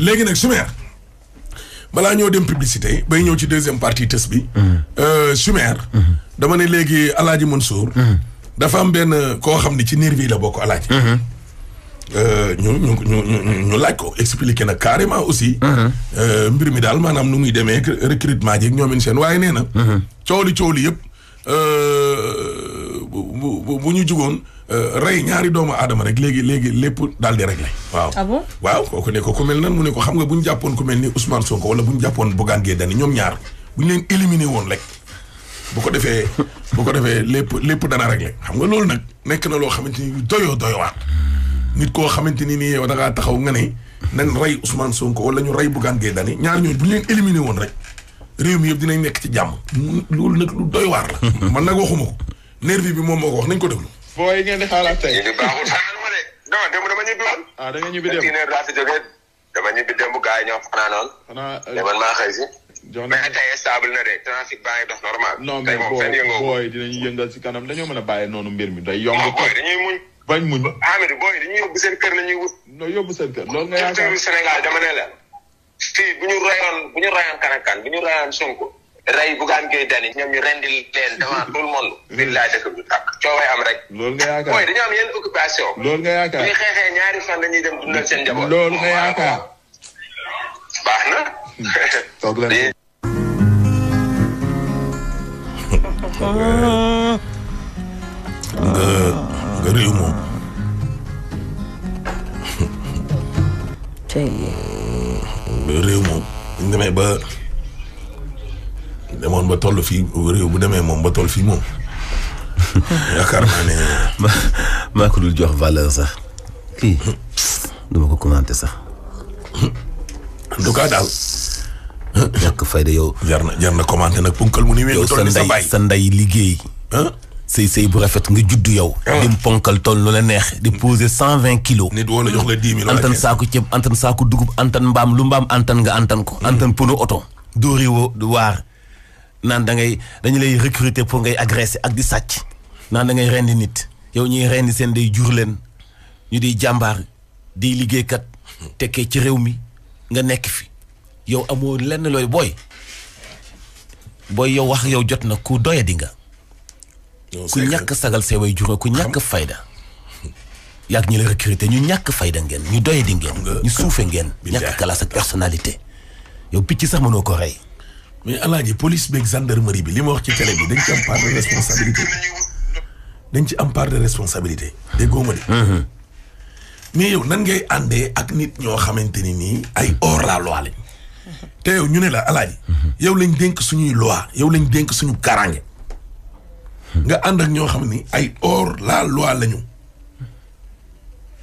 léegi nag Choumer balaa ñoo dem publicité ba ñëw ci deuxième partie tës bi. Choumer. Mm-hmm. Euh, mm-hmm. dama ne léegi El Hadj Mansour. Mm-hmm. dafa am benn koo xam ne ci nervi la bokk El euh, Hadj. ñu ñu ñu ñu laaj ko expliqué na carrément aussi. Euh, mbir mi daal maanaam nu muy demee recrutement yi ak ñoomin seen waaye nee na. cooli cooli yëpp. bu bu bu ñu jugoon euh, rey ñaari doomu aadama rek léegi léegi lépp daal di réglé waaw ah bon waaw kooku ne ko ku mel nan mu ne ko xam nga bu ñu jàppoon ku mel ni Ousmane Sonko wala bu ñu jàppoon Bougane Gueye Dany ñoom ñaar bu ñu ko defee bu lépp lépp dana réglé xam nga loolu nag nekk na loo xamante ni doyoo doyowaat nit koo xamante ni nii yow da ngaa taxaw nga ne nañ rey Ousmane ñu rey Bougane Gueye Dany ñaar ñooñu bu ñu leen éliminé woon rek réew mi yëpp dinañ nekk ci jàmm. loolu nag lu doy waar la. man nag waxuma ko. nervi bi moom moo ko nañ ko déglu. booy ngeen di xaaraat tey. ñu baaxul xaaral ma de non démb dama ñibbi woon. Ah, da nga ñibbi démb dama ñibbi démb gars yi ñoo fanaanoon. xanaa euh, man maa xëy si. jox na mais tey stable na de trafic baa ngi dox normal. non mais booy booy dinañu si kanam dañoo mën a bàyyi noonu mbir mi day yomb. non booy dañuy muñ. bañ muñ. Amady booy dañuy yóbbu seen kër la ñuy wut. non yóbbu seen kër loolu nga yaakaar. Sénégal dama ne la fii bu ñu rayoon bu ñu rayoon Kanakan bu ñu rayoon Sonko rey Bougane Gueye Dany ñoom ñu rendil leen devant tout le monde. Mm. billaay dëkk rek. loolu nga yaakaar mooy dañoo am yenn occupation. nga yaakaar bu xeexee ñaari fan la ñuy dundal seen njaboot. loolu nga yaakaar. baax na. nga réew moom. tey. nga réew moom. ñu ba. demoon ba toll fii réew bu demee moom ba toll fii moom yaakaar naa ne. maa ko dul jox valeur sax kii duma ko commenté sax. en tout cas daal. ñàkk fayda yow. jar na jar na commenté nag ponkal mu ni wéy. toll ni sa baay sa liggéey. sëy sëy bu rafet nga judd yow. Ah. lim ponkal toll lu la neex di cent vingt kilos. nit woon na jox la dix mille. antan saako ceeb antan saako dugub antan mbaam lu mbaam antan nga antan ko. antan pono oto. dóori wo waar. naan da ngay dañu lay recruter pour ngay agresser ak di sàcc naan da ngay rendi nit yow ñuy rendi seen day jur leen ñu di jàmbaar di liggéeykat tekkee ci réew mi nga nekk fi yow amoo lenn looy booy booy yow wax yow jot na ku doya di nga ku ñàkk sagal see way jur ku ñàkk fayda yàgg ñi la recruter ñu ñàkk fayda ngeen ñu doya di ngeen ñu suufe ngeen ñàkk classe ak personnalité yow picc sax mënoo ko rey mais alaaji police beeg gendarmerie bi li ma wax ci télé bi dañ ci am part de responsabilité dañ ci am part de responsabilité déggoo ma mhm. mais yow nan ngay àndee ak nit ñoo xamante ni nii ay or la loi te ñu ne la alaaji. Mhm. yow lañ dénk suñuy loi yow lañ dénk suñu kaaraange. Mhm. nga ànd ñoo xam ni ay hors la lañu.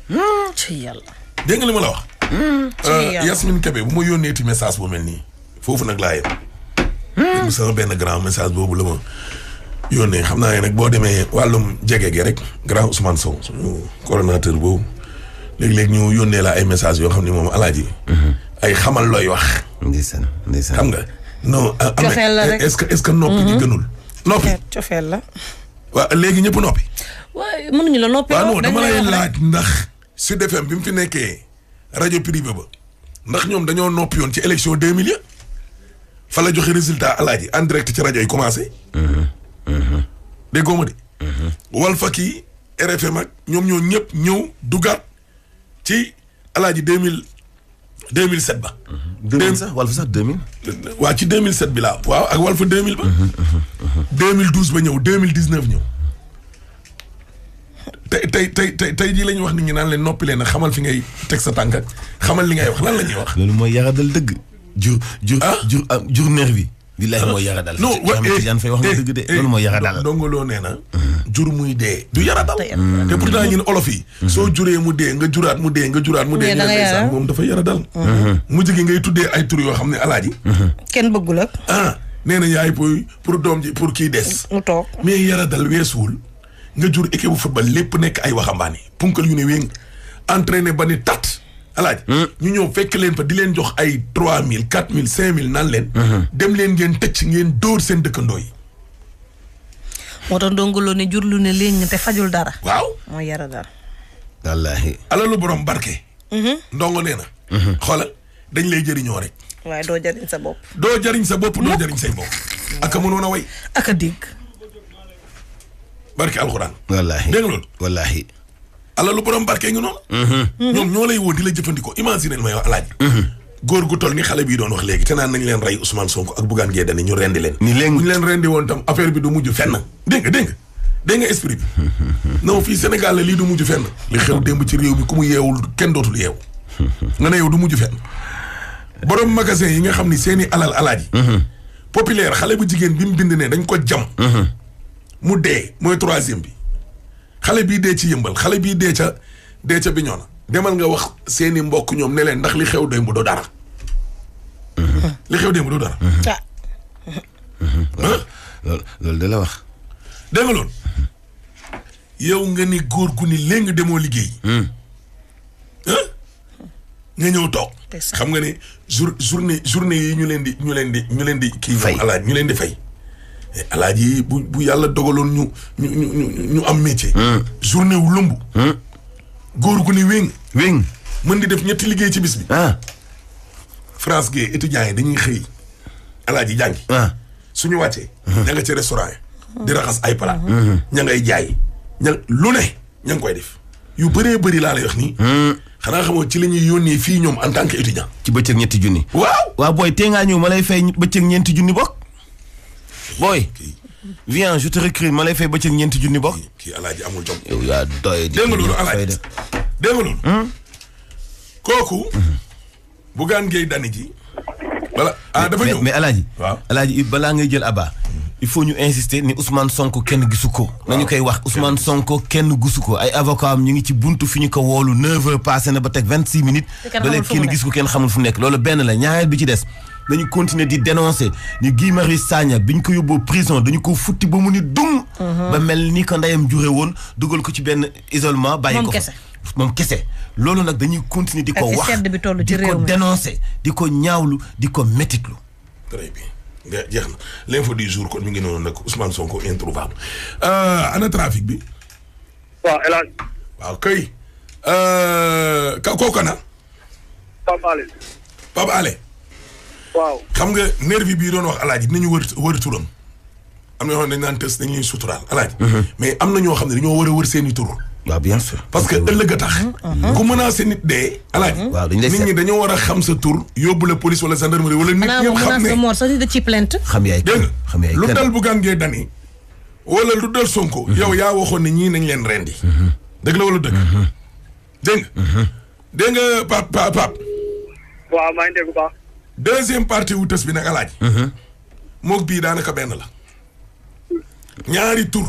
Hmm. ci yàlla. dégg nga li ma la wax. Hmm. ci euh, yàlla Yasmine Kebe bu ma yónnee ti message bu mel nii foofu nag laa yem. démb sama benn grand message boobu la ma yónnee xam naa ne nag boo demee wàllum jege gi rek grand Ousmane Sow suñu coordonnateur boobu léeg-léeg ñu yónnee la ay message yoo xam ne moom alaaji mhm. ay xamal looy wax. ndeysaan ndeysaan xam nga. no ah, ah, cofeel la ce que est-ce que noppi di mhm. gënul. noppi cofeel la. waaw léegi ñëpp noppi. waaye mënuñu la noppi. waaw non dama lay laaj ndax. Sud FM bi mu fi nekkee rajo privé ba ndax ñoom dañoo noppi yoon ci élection de mille fa la joxe résultat alaaji en direct ci rajoy yi commencé. déggoo ma de. Walfak yi RFM ak ñoom ñoo ñëpp ñëw dugaat ci alaaji mille deux mille sept ba. deux mille sax Walf sax deux mille. waa ci deux mille sept bi laa waaw ak Walf deux mille ba. deux mille douze ba ñëw deux mille dix tey tey tey tey tey jii la wax nit ñi naan leen noppi leen a xamal fi ngay teg sa tànk ak xamal li ngay wax lan la ñuy wax. loolu mooy yàlla dal dëgg. jur jur ah? jur ah, jur nervi. billahi mooy yara dal. non Tijaan eh, Fay wax nga eh, dëgg de eh, loolu mooy yara dal. donc loo nee mm-hmm. jur muy dee. du yara dal te pourtant ñun olof yi. Mm-hmm. soo juree mu dee nga juraat mu dee nga juraat mu dee. mais moom dafa yara dal. Mm-hmm. mujj gi ngay tuddee ay tur yoo xam ne alaaji. kenn bëggul ak. ah nee na yaay pour pour doom ji pour kii des. mu toog mais yara dal weesuwul nga jur équipe bu football lépp nekk ay waxambaane punkal yu ne wéng entraîné ba ni tat. alaaj hmm? ñu ñëw fekk leen fa di leen jox ay trois mille quatre mille cinq mille naan leen hmm. dem leen ngeen tëcc ngeen dóor seen dëkkandoo yi moo tax ndongoloo ne jur lu ne léegi te fajul dara waaw moo yara dara wallaahi alalu barke mm-hmm. ndongo nee na mm-hmm. xoolal dañ lay jëriñoo rek waaye doo jëriñ sa bopp doo jëriñ sa bopp doo jëriñ say bopp aka mënoon a way aka dégg barke alxuraan dégg loolu wallaahi alalu borom barke ngi noonu. Mhm. Mhm. ñoom ñoo lay woo di la jëfandikoo imaginer may wax alaaj mhm. góor gu toll ni xale bi doon wax léegi te naan nañ leen rey Ousmane Sonko ak Bougane Gueye Dany ñu rendi leen. ni leen rendi woon tam affaire bi du mujj fenn. dégg nga dégg nga dégg nga esprit bi. non fii Sénégal la lii du mujj fenn. li xew démb ci réew bi ku mu yeewul kenn dootul yeewu. nga ne yow du mujj fenn. borom magasin yi nga xam ni seeni alal alaaji. populaire xale bu jigéen bi mu bind ne dañ ko jam. mu dee mooy troisième bi. xale bii dee ci yëmbal xale bii dee ca dee ca bi ñoo na demal nga wax seeni mbokk ñoom ne leen ndax li xew démb du dara. Mm-hmm. li xew démb du dara. Mm-hmm. Ah. Mm-hmm. loolu de la wax. dégg loolu. yow nga ni góor gu ni léegi demoo liggéey. Mm. nga ñëw toog. xam nga ne jour journée journée yi ñu leen di ñu leen di ñu leen di. kii ñu alaaj ñu leen di fay. mais eh, alaaji bu bu yàlla dogaloon ñu ñu ñu ñu am métier. Hmm. journée wu lëmb. Hmm. góor gu ni wéng. wéng mën di def ñetti liggéey ci bis bi. Ah. France gi étudiants yi dañuy xëy alaaji jàngi. Ah. suñu wàccee. Hmm. ña nga ci restaurant yi. di raxas ay palaat. ña ay jaay ña lu ne ña ngi koy def. yu bëree bëri laa lay wax nii. xanaa xamoo ci la ñuy yónnee fii ñoom en tant que étudiant. ci bëccëg ñetti junni. waaw waaw booy tee ngaa ñëw ma lay fay bëccëg ñeenti junni bokk. booy. viens je te recrute ma lay fay ba ci ñeenti junni bokk. kii alaaji amul jom. yow yaa doy dégg nga loolu alaaji dégg nga loolu. Hmm? kooku. Bougane Gueye Dany ji. voilà a ah, dafa ñëw mais alaaji. waaw alaaji ngay jël abaa. il faut ñu insister ni Ousmane Sonko kenn gisu ko. nañu koy wax Ousmane Sonko kenn gisu ko ay avocat am ñu ngi ci buntu fi ñu ko woolu 9h passé na ba teg 26 minutes. te kenn kenn gis ko kenn xamul fu nekk loolu benn la ñaareel bi ci des. dañu continuer di dénoncer ñu Guy Marius bi ñu ko yóbboo prison dañu ko futti ba mu ni dum mhm. ba mel ni ko ndeyam jure woon dugal ko ci benn isolement bàyyi ko fa moom kese loolu nag dañuy continuer di ko wax di ko dénoncer di ko ñaawlu di ko métitlu très bien jeex na l'info du jour kon mi ngi noonu nag Ousmane Sonko introuvable euh, ana trafic bi waaw El Hadj waaw euh, Ale waaw xam nga nervi bii doon wax alaaji dinañu wër wër turam am na ñoo xam ne dañ naan tës dañ ñuy suturaal alaaji mhm. am na ñoo xam ne dañoo war a wër seen i tur parce que ëllëg a tax mhm, mhm. ku menacé nit dee alaaji waaw dañ lay nit ñi dañoo war a xam sa tur yóbbu la police wala gendarmerie wala nit ñëpp xam ne mor sax da ci plainte xam yaay dégg xam yaay lu dal bu gàngee dani wala lu dal sonko yow yaa waxoon na ñii nañ leen rendi dëgg la wala dëgg dégg nga dégg nga pap pap waaw maa ngi dégg bu deuxième partie wu bi nag alaaj mhm. mook bii daanaka benn la ñaari tur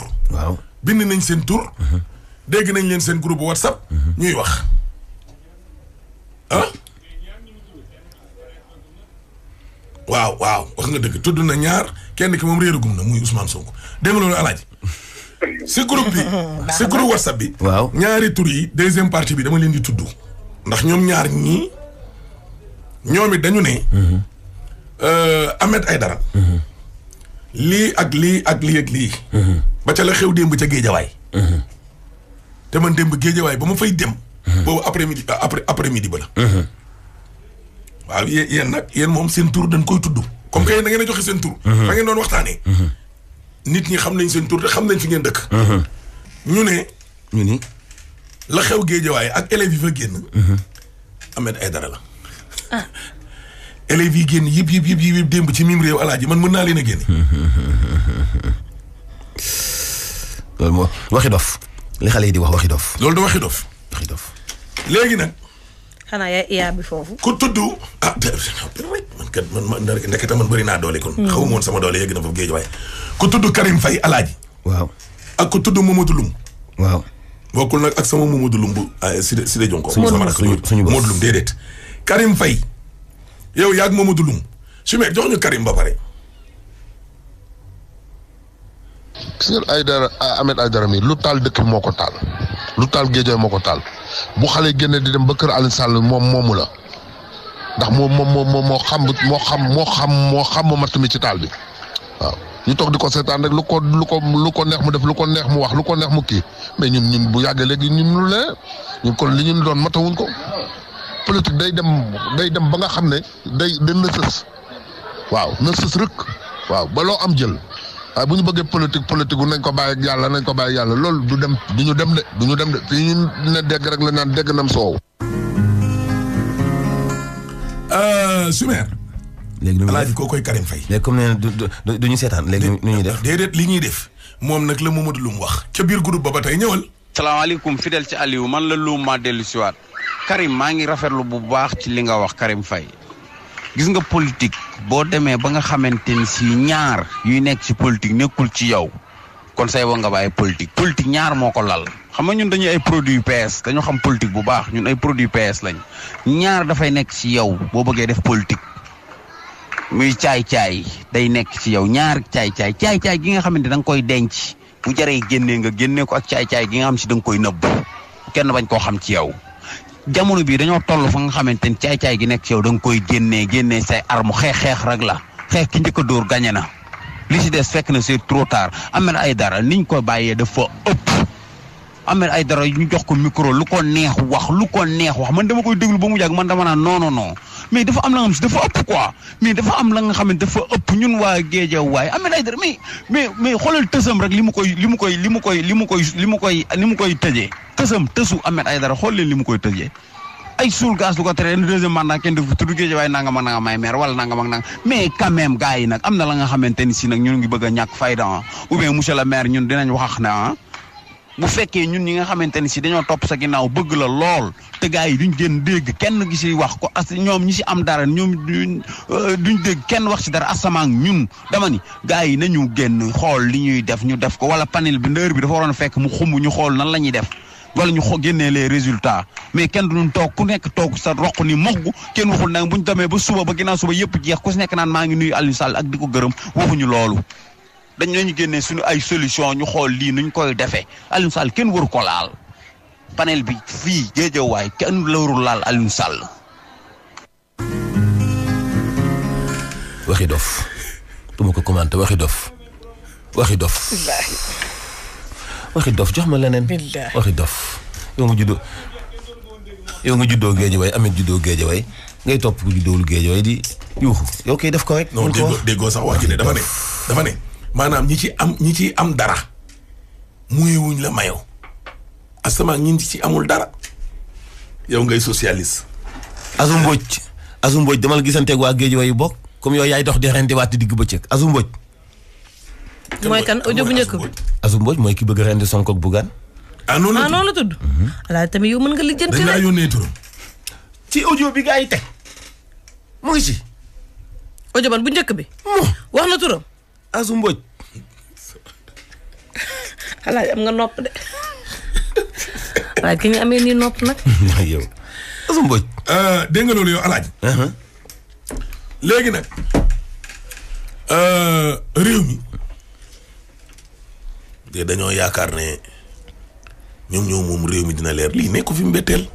bind nañ seen tur mhm. dégg nañ leen seen groupe whatsapp mhm. ñuy wax ah waaw waaw wax nga dëgg tudd na ñaar kenn ki moom réerugum na muy Ousmane Sonko dégg nga alaaj si groupe bi si groupe whatsapp bi waaw ñaari tur yi deuxième partie bi dama leen di tudd ndax ñoom ñaar ñii ñoom it dañu ne. Euh, ay dara lii ak lii ak lii ak lii. ba ca la xew démb ca géejawaay. te man démb géejawaay ba ma fay dem. boobu après midi après après midi ba la. waaw yéen nag yéen moom seen tur dañ koy tudd. comme que yéen ngeen a joxe seen tur. fa ngeen doon waxtaanee. nit ñi xam nañ seen tur te xam nañ fi ngeen dëkk. ñu ne. ñu ni la xew géejawaay ak élèves yi fa génn. Ahmed Aïdara la. Ah. élèves yi génn yëpp yëpp yëpp yëpp ci mim réew alaaji man mën naa leen a génne. loolu moo waxi dof li xale yi di wax waxi dof. loolu da waxi dof. waxi léegi nag. xanaa yaa yaa bi foofu. ku tudd ah man kat man man ndekete man bëri naa doole kon. Hmm. xaw ma sama doole yegg na foofu géej waaye. ku tudd Karim Faye alaaji. waaw ak ku tudd Mamadou Loum. waaw bokkul nag ak sama Mamadou Loum bu si ah, Sida Jonko. suñu suñu bopp sama rakk Karim fay yow yaag Mamadou Loum su ma jox ñu Karim ba pare. gis ngeen Aïdara Ahmed Aïdara mi lu taal dëkk moo ko taal lu taal géejooy moo ko taal bu xale génne di dem ba kër Alioune sàll moom moomu la ndax moom moom moom moo xam moo xam moo xam moo xam ma matt mi ci taal bi waaw ñu toog di ko seetaan rek lu ko lu ko lu ko neex mu def lu ko neex mu wax lu ko neex mu kii mais ñun ñun bu yàggee léegi ñun lu ne ñun kon li ñun doon matawuñ ko. politique day dem day dem ba nga xam ne day dañ la sës waaw na sës rëkk waaw ba loo am jël waaye bu ñu bëggee politique politique nañ ko bàyyi ak yàlla nañ ko bàyyi yàlla loolu du dem du ñu dem de du ñu dem de fii ñu ne dégg rek la naan dégg nam soow. Euh, Soumer. léegi nu muy def alaaji koo na du ñu seetaan léegi nu ñuy def. li ñuy def moom nag la Mamadou Loum wax. ca biir groupe ba ba tey ñëwal. salaamaaleykum fidèle ci Aliou man la Loum maa dellu si waat Karim maa ngi rafetlu bu baax ci li nga wax Karim fay gis nga politique boo demee ba nga xamante ni si ñaar yuy nekk ci politique nekkul ci yow kon say woo nga bàyyi politique politique ñaar moo ko lal xam nga ñun dañuy ay produit pees dañoo xam politique bu baax ñun ay produit pees lañ ñaar dafay nekk ci yow boo bëggee def politique muy caay-caay day nekk ci yow ñaar caay-caay caay gi nga xamante da nga koy denc bu jaree génnee nga génnee ko ak caay-caay gi nga xam si da nga koy nëbb kenn bañ koo xam ci yow jamono bii dañoo toll fa nga xamante ni caay-caay gi nekk yow danga koy génnee génnee say arme xeex xeex rek la xeex ki njëkk a dóor gañe na li ci des fekk na c'est trop tard Ahmed Aïdara niñ ko bàyyee def dafa ëpp Ahmed Aïdara ñu jox ko micro lu ko neex wax lu ko neex wax man dama koy déglu ba mu yàgg man dama naan non non non mais dafa am la nga xam dafa ëpp quoi mais dafa am la nga xam ne dafa ëpp ñun waa Géejawaay Ahmed Aïdara mais mais mais xoolal tësam rek li mu koy li mu koy li mu koy li mu koy li mu koy li mu koy tëjee tësam tësu Ahmed Aïdara xool leen li mu koy tëjee ay suul gaz du ko tere deuxième mandat kenn dafa tudd Géejawaay nangam ak nangam wala nangam ak nangam mais quand même gars yi nag am na la nga xamante ni si nag ñun ngi bëgg a ñàkk fayda ah. ou bien monsieur le maire ñun dinañ wax bu fekkee ñun ñi nga xamante ni si dañoo topp sa ginnaaw bëgg la lool te gaa yi duñ génn dégg kenn gi si wax ko as ñoom ñi si am dara ñoom duñ euh, dégg kenn wax si dara asamaan ñun dama ni gars yi nañu génn xool li ñuy def ñu def ko wala panel bi ndër bi dafa waroon fekk mu xumb ñu xool nan la ñuy def wala ñu xo génnee les résultats mais kenn du duñu toog ku nekk toog sa roq ni moggu kenn waxul nag bu ñu demee ba suba ba ginnaaw suba yëpp jeex ku si nekk naan maa ngi nuyu Aliou Sall ak di ko gërëm waxuñu loolu dañ nañu génne suñu ay solution ñu xool lii nuñ koy defe Aliou Sall kenn waru ko laal panel bi fii géejawaay kenn la waru laal Aliou Sall. waxi dof du ma ko commenté waxi dof waxi dof. dof jox ma leneen. waxi dof yow nga juddoo yow nga juddoo géejawaay amit juddoo géejawaay ngay topp ku juddoowul géejawaay di yuuxu yow kay def ko rek. mën ko déggoo sax wax ji dafa ne dafa ne. maanaam ñi ci am ñi ciy am dara muyewuñ la mayo asama ñi ci amul dara yow ngay socialiste. Azu Mbodj Azu Mbodj damal gisanteeg waa géej wayu bokk comme yow yaay dox di rente waat digg ba Azu Mbodj. mooy kan audio bu njëkk bi Azu mooy ki bëgg rente Sonko ak Bougane. ah noonu la ah, tudd ah la tudd. Mhm. alaay tamit yow mën nga lijjanti la yónnee turam. ci audio bi gaa yi teg mu ngi ci. audio ban bu njëkk bi. wax na turam. asu mboj alaaj am nga nopp de alaaj ki nga amee nii nopp nag yow asu mboj euh, dégg nga loolu alaaj uh-huh. léegi nag euh, réew mi te dañoo yaakaar ne ñoom ñoo moom réew mi dina leer lii nekku fi mbetteel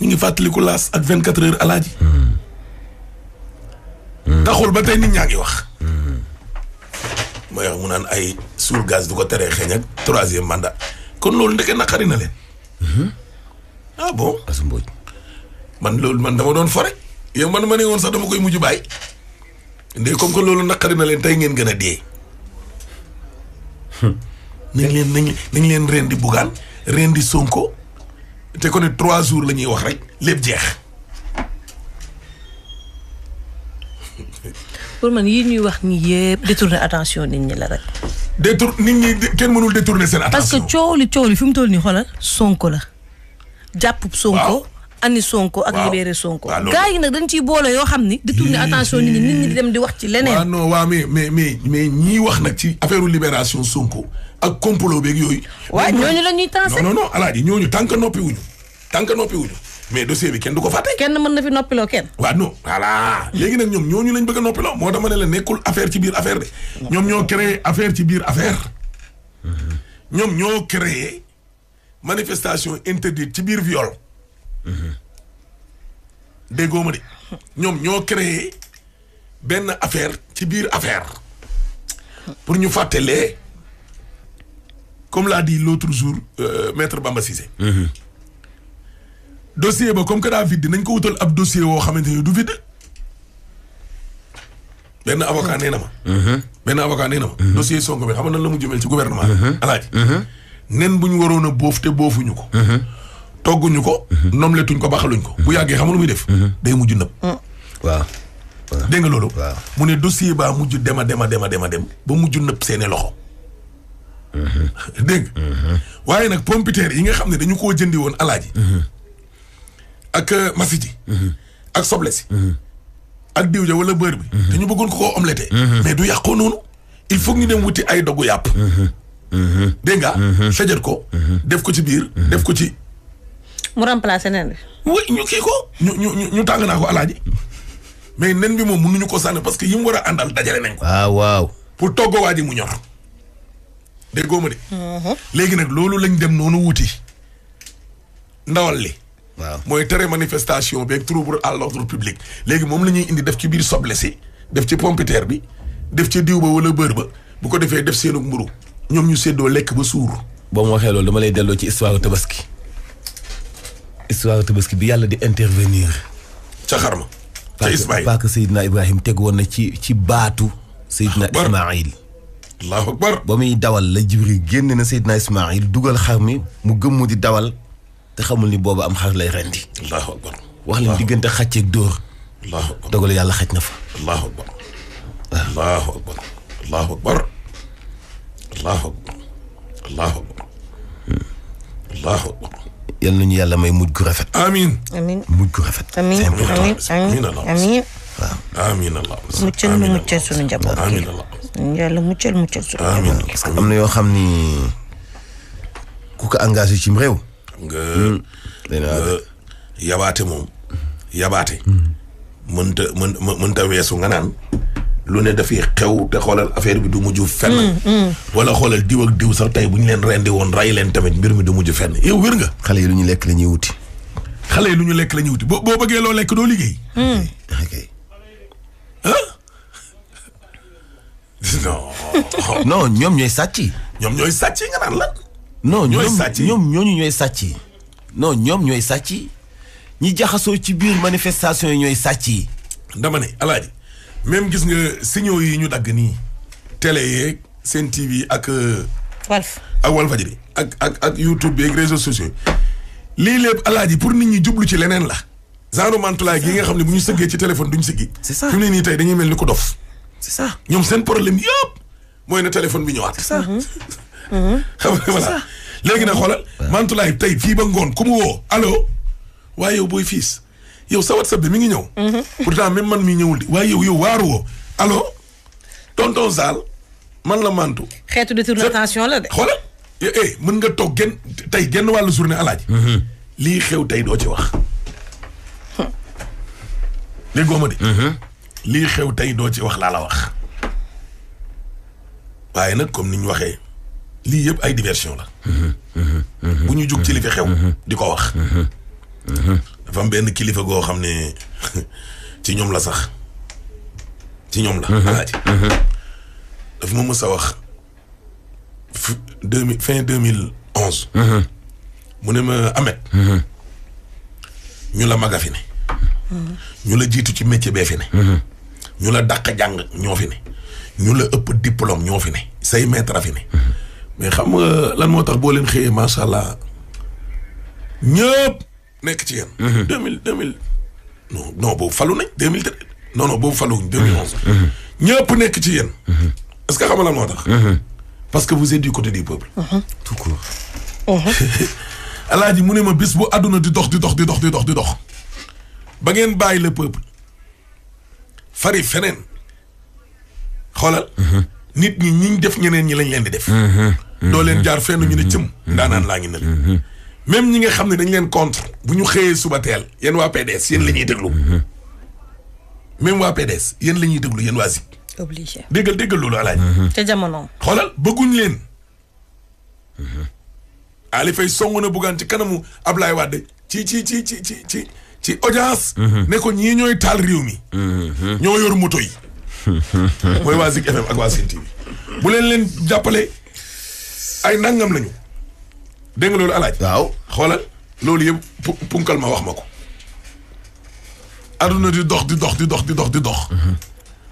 ñu ngi fàttaliku laas ak vingt quatre heures alaaji hmm. taxul ba tey nit ñaa ngi wax mooy wax mu naan ay suul gaz du ko teree xeeñ ak troisième mandat kon loolu ndeke naqari na leen. Mhm. ah bon. Assou Mbodj man loolu man dama doon fore rek yow man ma ne woon sax dama koy mujju baay ndey comme que loolu naqari na leen tey ngeen gën a dee. Hmm. nañ leen nañ nañ leen reen di bugaan reen di sonko te ko ne trois jours la ñuy wax rek lépp jeex. pour man yi ñuy wax ni yëpp détourner attention nit ñi la rek. détour nit ñi kenn mënul détourner seen attention. parce que coow li coow fi mu toll nii xoolal sonko la. jàpp sonko. ani sonko ak libéré sonko. waaw gaa nag dañ ciy boole yoo xam ni. détourner attention nit ñi nit ñi wax ci leneen. waaw non mais mais mais mais wax nag ci affaire libération sonko ak complot beeg yooyu. waaw ñooñu la ñuy tancé. non non non alaaji ñooñu tant que noppi wuñu tant mais dossier bi kenn du ko fàtte. kenn mën na fi noppiloo kenn. waaw non voilà léegi nag ñoom ñooñu lañ bëgg a noppiloo moo tax ma ne la nekkul affaire ci biir affaire de. ñoom ñoo créé affaire ci biir affaire. ñoo créé manifestation interdite ci biir viol. déggoo ma de ñoom ñoo créé benn affaire ci biir affaire pour ñu fàttalee comme l'a di l'autre jour euh, maître Bamba dossier ba comme que daa vide nañ ko wutal ab dossier woo xamante ni du vide. benn avocat nee na ma. Mhm. benn avocat nee na ma. Mhm. dossier Sonko bi xam nan la mu jëmel ci gouvernement mhm. alaaj nen bu ñu waroon a boof te boofuñu ko. togguñu ko. nomletuñ ko baxaluñ ko. bu yàggee xam lu muy def. day mujj nëb. Mm. waaw. dégg nga mu ne dossier baa mujj dem a dem a dem a dem a dem ba mujj nëb seeni loxo. dégg waaye nag pompiteer yi nga xam ne dañu koo jëndi woon ak euh, masiti ak soble si ak diw ja wala beurre bi te ñu bëggoon ko koo mais du yàqoo noonu il faut ñu dem wuti ay dogu yàpp dégg nga sajat ko def ko ci biir def ko ci mu remplacer nen bi oui ñu kii ko ñu ñu ñu tàng naa ko alaaji mais nen bi moom mënuñu ko sànni parce que yi war a àndal dajale nañ ko waaw waaw pour togg waa mu ñor déggoo ma de mhm. léegi nag loolu lañ dem noonu wuti ndawal li waaw mooy tere manifestation bi ak trouble à l'ordre public. léegi moom la ñuy indi def ci biir soble si def ci pompiteer bi def ci diw ba wala bër ba bu ko defee def seenu mburu ñoom ñu séddoo lekk ba suur. boo ma waxee loolu dama lay delloo ci histoire tabaski histoire tabaski bi yàlla di intervenir. ca xarma ca Ismaïl parce que Seydina Ibrahim teg woon na ci ci baatu. Seydina Ismaïl. allahu akbar ba muy dawal la Jibril génn na Seydina Ismaïl dugal xar mi mu gëmmu di dawal. te xamul ni boobu am xar lay rendi allahu akbar wax leen diggante xàcceeg dóor allahu akbar yàlla xaj na fa allahu akbar allahu akbar allahu akbar allahu yàlla may mujj gu rafet amin amin mujj rafet amin amin amin waaw amiin allah muccal nu muccal sunu njaboot amiin allah yàlla am na yoo xam ni ku ko engagé ci réew nga. nga yabaate moom. yabaate. mënta mën ta weesu nga naan. lu ne dafay xew te xoolal affaire bi du mujj fenn. Mm, mm. wala xoolal diw ak diw sax tey bu ñu leen rendi woon ray leen tamit mbir mi du mujj fenn yow wér nga. xale yi lu ñu lekk la ñuy wuti. xale yi lu ñu lekk la ñuy wuti boo boo bëggee loo lekk doo liggéey. Mm. ok. ah. non. ñoom ñooy sàcc. ñoom ñooy sàcc nga naan la. non ñoom ñoom ñooñu ñooy sàcc yi non ñoom ñooy sàcc yi ñi jaxasoo ci biir manifestation yi ñooy sàcc yi dama ne alaaji même gis nga signaux yi ñu dagg nii télé yeeg seen TV ak euh, Walf ak Walfadjri ak ak ak YouTube bi ak réseaux sociaux lii lépp alaaji pour nit ñi jublu ci leneen la genre mantulaay gi nga xam ne bu ñu sëggee ci téléphone duñ siggi c'est ça fi mu nii tey dañuy mel ni ko dof c'est ça ñoom seen problème yëpp mooy na téléphone bi ñëwaat c'est ça mm-hmm. xam nga voilà léegi nag xoolal Mantoulaye tey fii ba ngoon ku mu woo allo waaye yow booy fiis yow sa whatsapp bi mi ngi ñëw mhm. pourtant même man mi ñëwul di waaye yow yow waaru woo allo tonton Sall man la mantu xeetu détournation la de xoolal eh, eh mën nga toog genn tey genn wàllu journée alaaj mhm. lii xew tey doo ci wax dégg mhm. xew tey doo ci wax laa la wax waaye nag comme ni ñu waxee lii yëpp ay diversion la. bu ñu jug ci li fi xew. di ko wax. dafa am benn kilifa goo xam ne ci ñoom la sax ci ñoom la. alaaji daf ma mës a wax deux mille fin deux mille onze. mu ne ma Ameth. ñu la mag a fi ne. ñu la jiitu ci métier bee fi ne. ñu la dàq jàng ñoo fi ne. ñu la ëpp diplôme ñoo fi ne. say maître a fi ne. mais xam nga lan moo tax boo leen xëyee macha nekk ci yéen. Mhm. deux mille deux mille non non boobu falu nañ deux mille treize non non boobu falu deux mille onze. Mhm. ñëpp nekk ci yéen. Mhm. est-ce que xam nga lan moo parce que vous êtes du côté du peuple. tout court. alaaji mu ne ma bis bu àdduna di dox di dox di dox di dox di dox ba ngeen bàyyi le peuple fari feneen xoolal. nit ñi ñiñ def ñeneen ñi lañ leen di def. Mhm. doo leen mhm. jaar fenn ñu ne mhm. cëm. ndaanaan laa ngi ne leen. même ñi nga xam ne dañ leen contre bu ñu xëyee suba teel yéen waa PDS yéen la ñuy déglu. même waa PDS yéen la ñuy déglu yéen waa Zik. obligé déggal déggal loolu alaaj te jamono. xoolal bëgguñ leen. Ali Faye song na buggaan ci kanamu Ablaye Wade ci ci ci ci ci ci ci audience. ne ko ñii ñooy taal réew mi. ñoo yor moto yi. mooy waa Zik FM ak waa Sen TV bu leen leen jàppale ay nangam lañu dégg loolu alaaj waaw xoolal loolu yëpp punkal ma wax ma ko aduna di dox di dox di dox di dox di dox mm-hmm.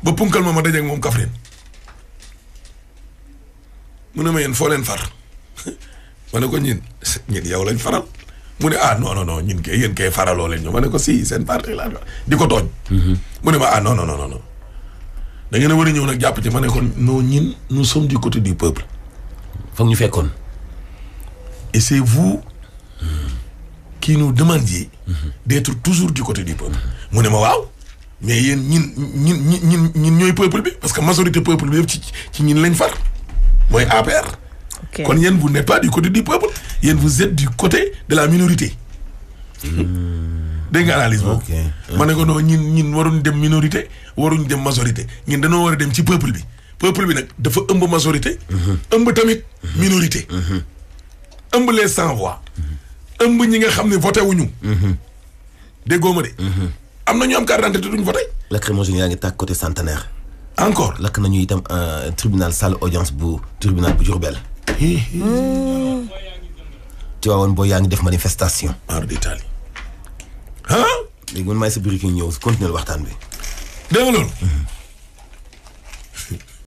ba punkal ma ma dajeeg moom Kaffrine mu ne ma yéen foo leen far ma ne ko ñin ñin yow lañ faral mu ne ah non non non ñin kay yéen kay faraloo leen ñu ma ko si seen parti di ko tooñ mm-hmm. mu ne ma ah non non da ngeen a war a ñëw nag jàpp ci ma ne kon non ñin nous sommes du côté du peuple. foog ñu fekkoon. et c'est vous. qui nous demandiez. Mm-hmm. d'être toujours du côté du peuple. mu ne ma waaw. mais yéen ñin ñin ñin ñin ñooy peuple bi parce que majorité peuple bi yëpp ci ci ñin lañ far mooy APR. kon yéen vous n'êtes pas du côté du peuple yéen vous êtes du côté de la minorité. Mm-hmm. dégg nga analyse boobu. ma ne ko non ñun ñun dem minorité waruñ dem majorité ñun dañoo war a dem ci peuple bi peuple bi nag dafa ëmb majorité. Mhm. ëmb tamit mhm. minorité. Mhm. ëmb les sans voix. ëmb ñi nga xam ne voté wuñu. déggoo ma de. am na ñu am carte d'identité duñ voté. lacrymogène yaa ngi tàkk côté centenaire. encore lakk nañu itam euh, tribunal salle audience bu tribunal bu Diourbel. ci waawoon boo yaa ngi def manifestation. mar d'Italie. ah. léegi man maay sa biir ki ñëw continuer waxtaan bi. dégg nga loolu. Mm-hmm.